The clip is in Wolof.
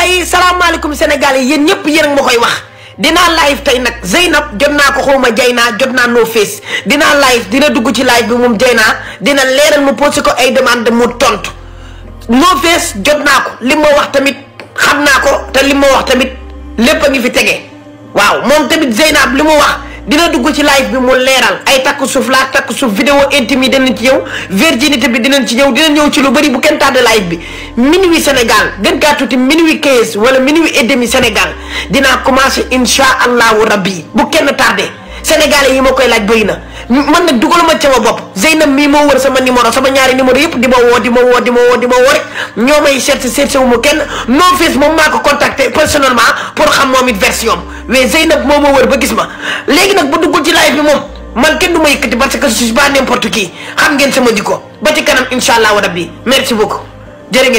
gars salaamaaleykum Sénégal yi yéen ñëpp yéen ma koy wax dinaa live tey nag Zeynab jot naa ko xawma jay naa jot naa no face dinaa live dina dugg ci live bi moom jay naa dina leeral mu posé ko ay demande mu tontu no face jot naa ko li ma wax tamit xam naa ko te li ma wax tamit lépp a ngi fi tege waaw moom tamit Zeynab li mu wax. dina dugg ci live bi mu leeral ay takk suuf laa takk suuf vidéo intime yi dinañ ci ñëw virginité bi dinañ ci ñëw dinañ ñëw ci lu bëri bu kenn tardé live bi minuit Sénégal gën kaa tuuti minuit 15 wala minuit et demi Sénégal dinaa commencé incha allahu rabbi bu kenn tardé. sénégalais yi ma koy laaj bëri na man nag dugaluma ca ma bopp Zeynab mii moo wër sama numéro sama ñaari numéro yëpp di ma woo di ma woo di ma woo di ma woo rek ñoo may seet seet wu ma kenn non face moom maa ko contacté personnellement pour xam moom it version mais Zeynab moo ma wër ba gis ma léegi nag bu duggul ci live bi moom man kenn du ma yëkkati parce que je suis pas n'importe qui xam ngeen sama jikko ba ci kanam incha allah bi merci beaucoup jërë ngeen